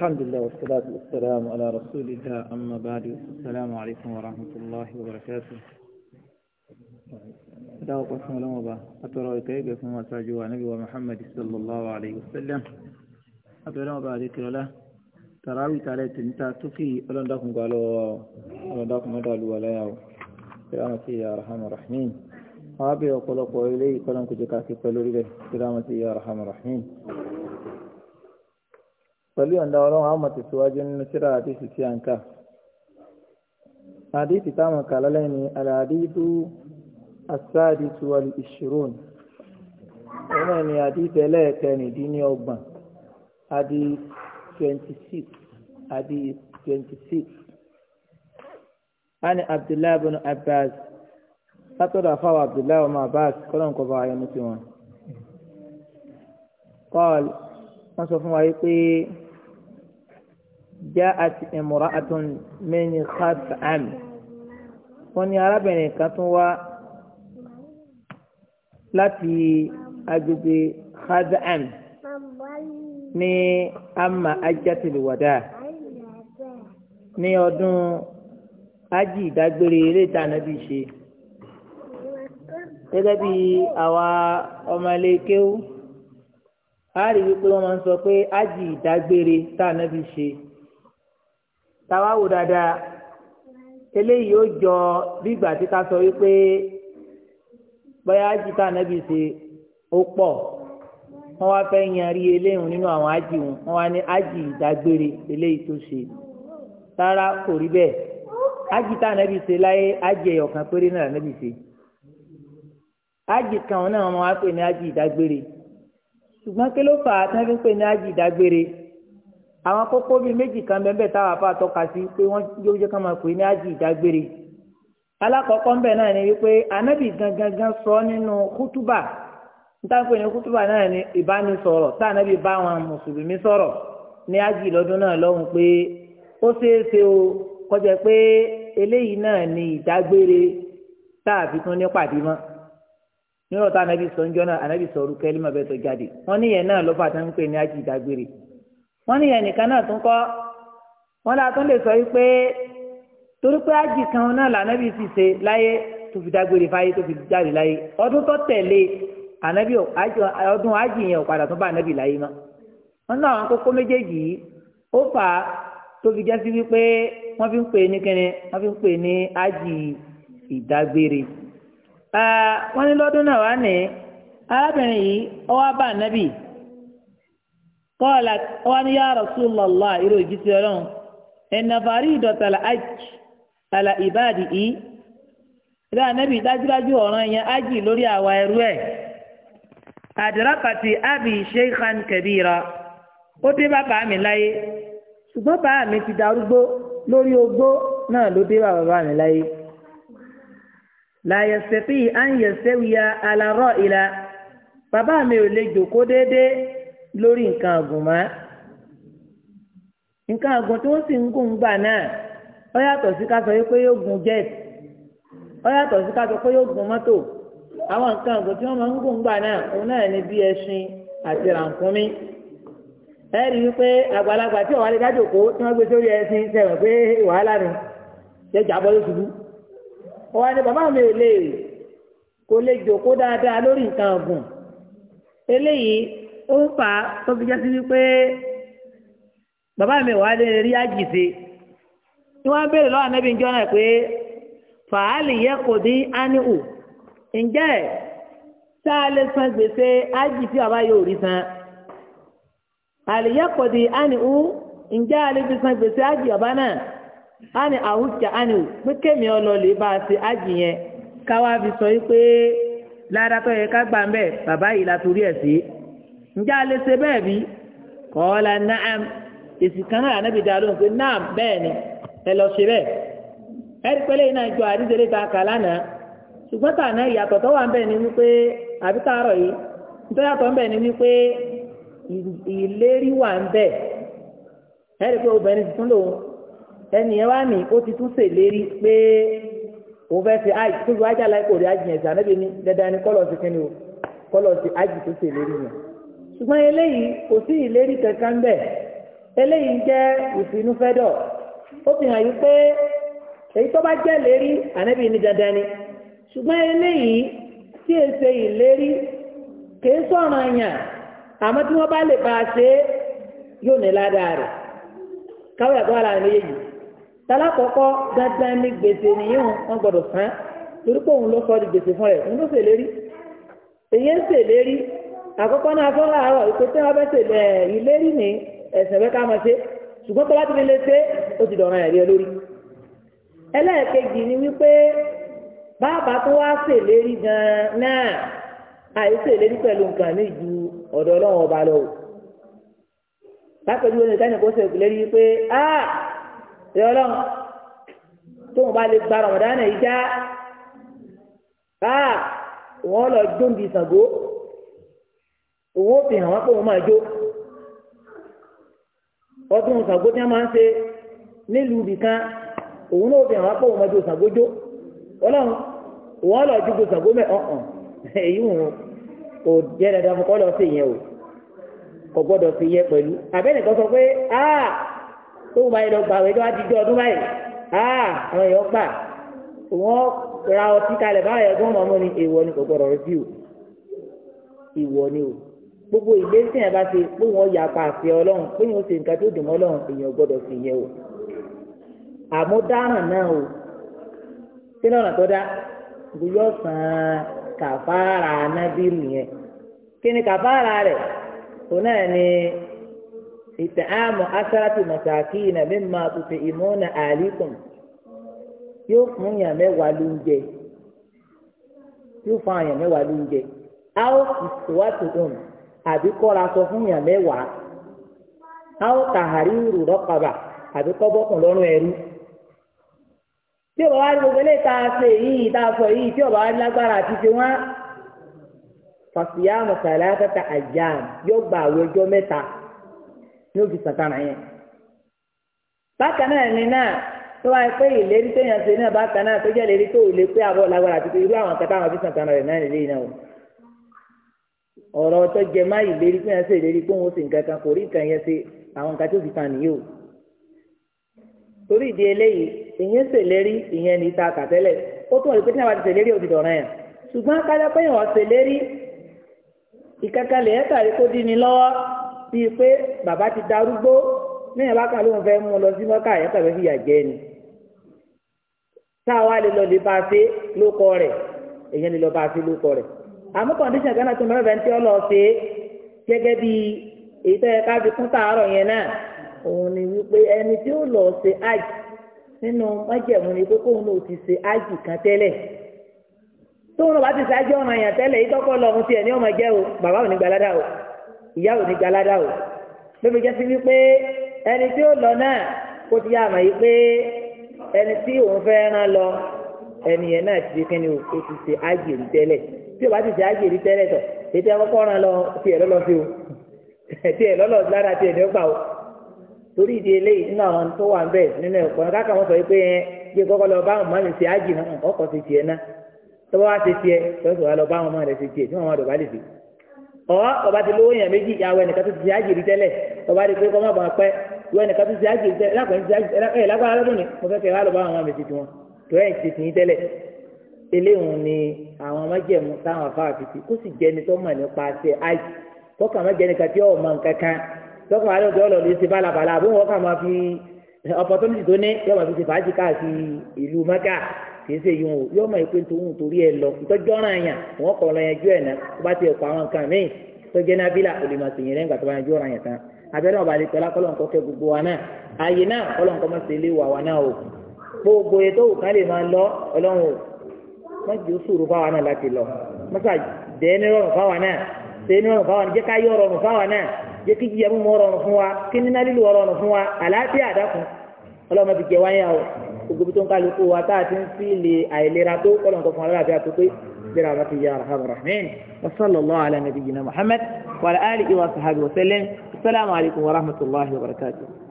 الحمد لله والصلاة والسلام على رسول الله أما بعد السلام عليكم ورحمة الله وبركاته دعوة قسم الأمبا أترى كيف يكون ساجوا نبي ومحمد صلى الله عليه وسلم أترى أمبا ذكر له تراوي تعالى تنتا تفي ألن داكم قالوا ألن داكم أدعوا ولا يعو سلامتي يا رحمة الرحمن أبي أقول أقول إلي قلن كجكاكي قلوا إلي سلامتي يا رحمة الرحمن pẹ̀lú ọ̀dà ọlọ́run àwọn mọ̀tẹ̀síwájú nínú síra àdìsí tí a ń kà. àdìsí táwọn kà lálẹ́ ni àlàdìsú asáàdìsú ìṣirún òun náà ni àdìsí ẹlẹ́ẹ̀kẹrìndínlọ́gbọ̀n àdì twenty six àdì twenty six. ani abdullahi bin abbas látọ̀dọ̀ àfáwọ̀ abdullahi ọmọ abbas kọ́lọ́n kọ́ bá ayé mú tiwọn. kọ́ọ̀lù wọ́n sọ fún wa yìí pé. جاءت امرأة من خثعم wọ́n ní arábìnrin kan tún wá láti agbègbè khazan ní ama ajatiliwada ní ọdún ají ìdágbére eré tá ànábì ṣe gẹ́gẹ́ bí àwa ọmọlẹ́kẹ́wò a rí wípé wọ́n máa ń sọ pé ají ìdágbére tá ànábì ṣe tawa wò dáadáa eléyìí ó jọ bí ìgbà tí ká sọ wípé bóyá ájì tá ànábì ṣe ó pọ̀ wọ́n wá fẹ́ yan rí eléyìí nínú àwọn ájì wọn wọ́n wá ní ájì ìdágbére eléyìí tó ṣe rárá kò rí bẹ́ẹ̀ ájì tá ànábì ṣe láyé ájì ẹ̀yọ̀kan péré náà ànábì ṣe ájì kan náà wọ́n wá pè ní ájì ìdágbére ṣùgbọ́n kí ló fà á tí pè ní ájì ìdágbére àwọn kókó bíi méjì kan bẹ́ẹ̀ bẹ́ẹ̀ táwọn afá tọ́ka sí pé wọ́n yóò jẹ́ ká máa pè ní ájì ìdágbére alákọ̀ọ́kọ́ ńbẹ̀ náà ni wípé anábì gangan sọ nínú kútúbà nítaǹpẹ̀ ní kútúbà náà ni ìbánisọ̀rọ̀ tá anábì bá àwọn mùsùlùmí sọ̀rọ̀ ní ájì lọ́dún náà lọ́hùn pé ó ṣeéṣe o kọjá pé eléyìí náà ni ìdágbére tá a fi tún ní pàdé mọ́ nírọ̀ tá anábì sọ ń jọ́ náà anábì sọ orúkọ ẹlẹ́mọ̀ bẹ́ẹ̀ wọ́n ní ẹnìkan náà tún kọ́ wọ́n la tún lè sọ wípé torí pé ájì kan náà lànàbí ti ṣe láyé tó fi dágbére fáyé tó fi jáde láyé ọdún tó tẹ̀lé ànábì ọdún ájì yẹn ò padà bá láyé mọ́ wọ́n náà kókó méjèèjì yìí ó fà á tó fi jẹ́ sí wípé wọ́n fi ń pè ní wọ́n fi ń pè ní ájì ìdágbére wọ́n ní lọ́dún náà wá ní arábìnrin yìí bá kọ́ọ̀lá wọn ni ya Rasulullah irú òjíṣẹ́ ọlọ́run ẹ̀nà fàárí ìdọ̀tàlà ájì àlà ìbáàdì yìí ìdá anábì dájúdájú ọ̀ràn yẹn ájì lórí àwa ẹrú ẹ̀ àdìrápàtì àbí sheikhan kabira ó dé bàbá mi láyé ṣùgbọ́n bàbá mi ti darúgbó lórí ogbó náà ló dé bàbá mi láyé láyé sẹ́fì à ń yẹ sẹ́wìyà alárọ̀ ìlà bàbá mi ò lè jòkó déédéé. lórí nǹkan àgùnmá nǹkan àgùn tí wọ́n sì ń gùn gbà náà ó yàtọ̀ sí ká sọ pé yóò gùn jet ó yàtọ̀ sí ká sọ pé yóò gùn mọ́tò àwọn nǹkan àgùn tí wọ́n máa ń gùn gbà náà òun náà ní bí ẹṣin àti ràǹkúnmí ẹ rí i pé àgbàlagbà tí ọ̀wálé dájò kó tí wọ́n gbé sórí ẹṣin sẹ̀rọ̀ pé wàhálà ni ṣe jàbọ́ ló ṣubú ọ̀wá ni bàbá mi ò lè kò lè jòkó dáadáa lórí nǹkan àgùn eléyìí ó ń fà á tó fi jásí wípé bàbá mi wà lè rí àjìṣe tí wọ́n béèrè lọ́wọ́ anábì ìjọ náà pé fàálì yẹ kò dín ánìhù ǹjẹ́ tá a lè san gbèsè àjìṣe àbá yóò rí san àlìyẹ kò dín ánìhù ǹjẹ́ a lè fi san gbèsè àjì àbá náà ani awuja ani pé kémi ọlọlẹ bá a ṣe ájì yẹn káwá fi sọ yìí pé yẹ ká gbà ń bẹ bàbá yìí la torí ẹ sí. ǹjẹ́ a ṣe bẹ́ẹ̀ bí kọ́ọ́lá naam èsì kan náà ànábì dá lóhùn pé naam bẹ́ẹ̀ ni ẹ lọ ṣe bẹ́ẹ̀ ẹ̀rí pẹ́lẹ́ iná ìjọ àdídélé ta kà lánàá ṣùgbọ́n tàná ìyàtọ̀ tó wà ń bẹ̀ ni wípé àbí tààrọ̀ yìí nítorí àtọ̀ ń bẹ̀ ni wípé ìlérí wà ń bẹ̀ ẹ̀rí pé obìnrin tuntun ẹnì yẹn wá ó ti tún o kọ́lọ̀ àjì ṣùgbọ́n eléyìí kò sí ìlérí kankan bẹ́ẹ̀ eléyìí jẹ́ ìfinúfẹ́dọ̀ ó fi hàn yí pé èyí tó bá jẹ́ ìlérí ànábì ní dandan ni ṣùgbọ́n eléyìí tí è ṣe ìlérí kì í sọ̀rọ̀ àyàn àmọ́ tí wọ́n bá lè bá a ṣe yóò ní ládàá rẹ̀ káwé àgbọ̀ ara rẹ̀ méjèèjì tálákọ̀ọ́kọ́ dandan ní gbèsè nìyẹn wọn gbọ́dọ̀ san torí pé òun ló sọ di gbèsè fún rẹ̀ òun ló ṣèlérí èyí ń ṣèlérí àkọ́kọ́ náà fọ́ láàárọ̀ ìpè tí wọ́n bẹ́ tẹ̀lé ilé rí ní ẹ̀sẹ̀ bẹ́ ká máa ṣe ṣùgbọ́n tó bá ti lè ṣe ó ti dọ̀ràn ẹ̀rí olórí ẹlẹ́ẹ̀kejì ni wípé bàbá tó wá ṣèlérí gan-an náà àìṣèlérí pẹ̀lú nǹkan ní ju ọ̀dọ̀ ọlọ́run ọba lọ o lápẹ̀jú ẹni sẹ́ni kó ṣèlérí wípé a ṣe ọlọ́run tóun bá lè gba rọ̀mọ̀dánà yìí já a wọ́n lọ jóńbi Ṣàngó owó fi hàn wọ́n pé wọ́n máa jó ọdún Ṣàngó tí wọ́n máa ń ṣe nílùú ibìkan òun náà fi hàn wọ́n pé wọ́n máa jó Ṣàngó jó ọlọ́run wọ́n lọ ju gbèsè gómẹ̀ ọ̀hún èyí wọn kò jẹ́ dandan fún kọ́ lọ sí ìyẹn o kò gbọ́dọ̀ sí ìyẹn pẹ̀lú abẹ́nìkan sọ pé aa tó wọ́n báyìí lọ gbà wẹ́jọ́ adijọ́ ọdún báyìí aa àwọn èèyàn gbà wọ́n ra ọtí kalẹ̀ báyìí ẹ̀gbọ́n mọ́mọ́ ni èèwọ̀ ni kò gbọ́dọ̀ rẹ̀ bí o ìwọ ni o gbogbo ìgbésẹ̀ yẹn bá ṣe pé wọ́n ya pa àṣẹ ọlọ́run pé wọ́n ṣe nǹkan tó dùn mọ́ ọlọ́run èèyàn gbọ́dọ̀ sí yẹn o àmọ́ dáràn náà o ṣé lọ́nà tó dá gbogbo ọ̀sán kàfàrà anábìrì yẹn kí ni kàfàrà rẹ̀ òun náà ni ìtààmù asáràtì màsàkìnà mímà tùtù ìmúna àlìkùn yóò fún yàn mẹ́wàá lóúnjẹ yóò fún yàn mẹ́wàá lóúnjẹ áwọ̀ ìṣòwò àtúntò àbí kọ́ra sọ fún yàn mẹ́wàá àwọn tàhárí rù rọ́kàbà àbí kọ́ bọ́kùn lọ́rùn ẹrú tí ọba wa ní gbogbo eléyìí tá a ṣe tá a sọ tí ọba wa ní lágbára àti ṣe wọn fàṣíyá mọ̀sálá kẹta yọ yóò gba àwọn ọjọ́ mẹ́ta ní òfin yẹn bákan náà náà tó wáyé pé ìlérí ṣe náà bákan náà tó jẹ́ ìlérí tó lè pé àbọ̀ lágbára àti irú àwọn kẹta àwọn ọ̀rọ̀ tó jẹ má ìlérí pé ẹ̀ ń ṣèlérí pé sì nǹkan kan kò rí nǹkan yẹn ṣe àwọn nǹkan tó fi tàn nìyó torí ìdí eléyìí ìyẹn ṣèlérí ìyẹn ní ta kàtẹ́lẹ̀ ó tún ọ̀rẹ́ pé tí wọ́n ti ṣèlérí òdìdọ̀ ọ̀ràn yẹn ṣùgbọ́n kájá pé yẹn wọ́n ṣèlérí ìkankanlẹ̀ yẹn tàbí kó dín ní lọ́wọ́ bíi pé bàbá ti darúgbó níyàn bá kàn lóun fẹ́ mú un lọ àmú kọ̀ǹdíṣàn kan náà tó mẹ́rẹ̀ bẹ́ẹ̀ tí ó lọ ṣe gẹ́gẹ́ bí èyí tó yẹ ká fi kún sàárọ̀ yẹn náà òun ni wípé ẹni tí ó lọ ṣe hajj nínú májẹ̀mú ni pé kóun náà ti ṣe hajj kan tẹ́lẹ̀ tóun náà bá ti ṣe hajj ọ̀ràn yẹn tẹ́lẹ̀ yìí tọ́kọ́ lọ ohun tiẹ̀ ní ọmọ jẹ́ o bàbá ò ní gbalada o ìyá ò ní gbalada o lóbi jẹ́ sí wípé ẹni tí ó lọ náà kó ti yá àmọ̀ yìí pé ẹni tí òun fẹ́ lọ ẹni yẹn náà ti di kẹ́ni o ó ti ṣe ágìrì tẹ́lẹ̀ tí o bá ti ṣe ágìrì tẹ́lẹ̀ tọ̀ ètò ẹ̀kọ́ ràn lọ tiẹ̀ lọ́lọ́ sí o tiẹ̀ lọ́lọ́ lára tiẹ̀ ní ó pa o torí ìdí eléyìí nínú àwọn tó wà ń bẹ̀ nínú ẹ̀kọ́ náà káàkiri wọn sọ pé ẹ yẹ kọ́kọ́ lọ bá àwọn mọ́ni ṣe ágìrì náà ọkọ̀ ti tiẹ̀ náà tọ́wọ́ wá ṣe tiẹ̀ tọ́sọ̀ wá lọ bá àwọn mọ́ni ṣe tiẹ̀ tí wọ́n máa dọ̀bálẹ̀ sí ọ̀ ọba ti lówó yàn méjì ìyàwó ẹnìkan tó ti ṣe ágìrì tẹ́lẹ̀ ọba rí pé kọ́ má bàa pẹ́ ìwọ ẹnìkan tó ti ṣe ágìrì tẹ́lẹ̀ lágbára lọ́dún ni mo fẹ́ kẹ́ wá lọ bá àwọn mọ́ni ṣe tiwọn tó ẹ̀ ti tẹ́lẹ̀ eléyìí ni àwọn májẹ̀mú táwọn afáà fi ti kó sì jẹni tó mọ̀ nípa ṣe àì tọ́ka májẹ̀ni kàtí ọ̀ mọ̀ nkankan tọ́ka máa lọ́dọ̀ ọ̀lọ́ lè ṣe bálabàlà àbí wọn kà máa fi opportunity tó ní yọ máa fi ṣe fàájì káàkiri ìlú mẹ́kà kì í ṣe yìí wọn yọ máa pé tòun torí ẹ lọ ìtọ́jú ọ̀ràn yàn wọn kọ̀ lọ yanjú ẹ̀ náà tó bá ti ẹ̀kọ́ àwọn nǹkan míì wa náà gbogbo ètò òkan lè máa lọ ọlọ́run o má jẹ́ sùúrù fáwa náà láti lọ mọ́sà dẹ́ ní rọrùn fáwa náà dẹ́ ní rọrùn fáwa náà jẹ́ ká yọ rọrùn fáwa náà jẹ́ kí jíjẹ mímú rọrùn fún wa kí níná lílu rọrùn fún wa àlàáfíà àdákùn ọlọ́run ti jẹ wáyà o gbogbo tó ń kálukú wa tá a ti ń fi lè àìlera tó kọ́lọ̀ nǹkan fún aláàbíà tó pé برحمتك يا أرحم الراحمين وصلى الله على نبينا محمد وعلى آله وصحبه وسلم السلام عليكم ورحمة الله وبركاته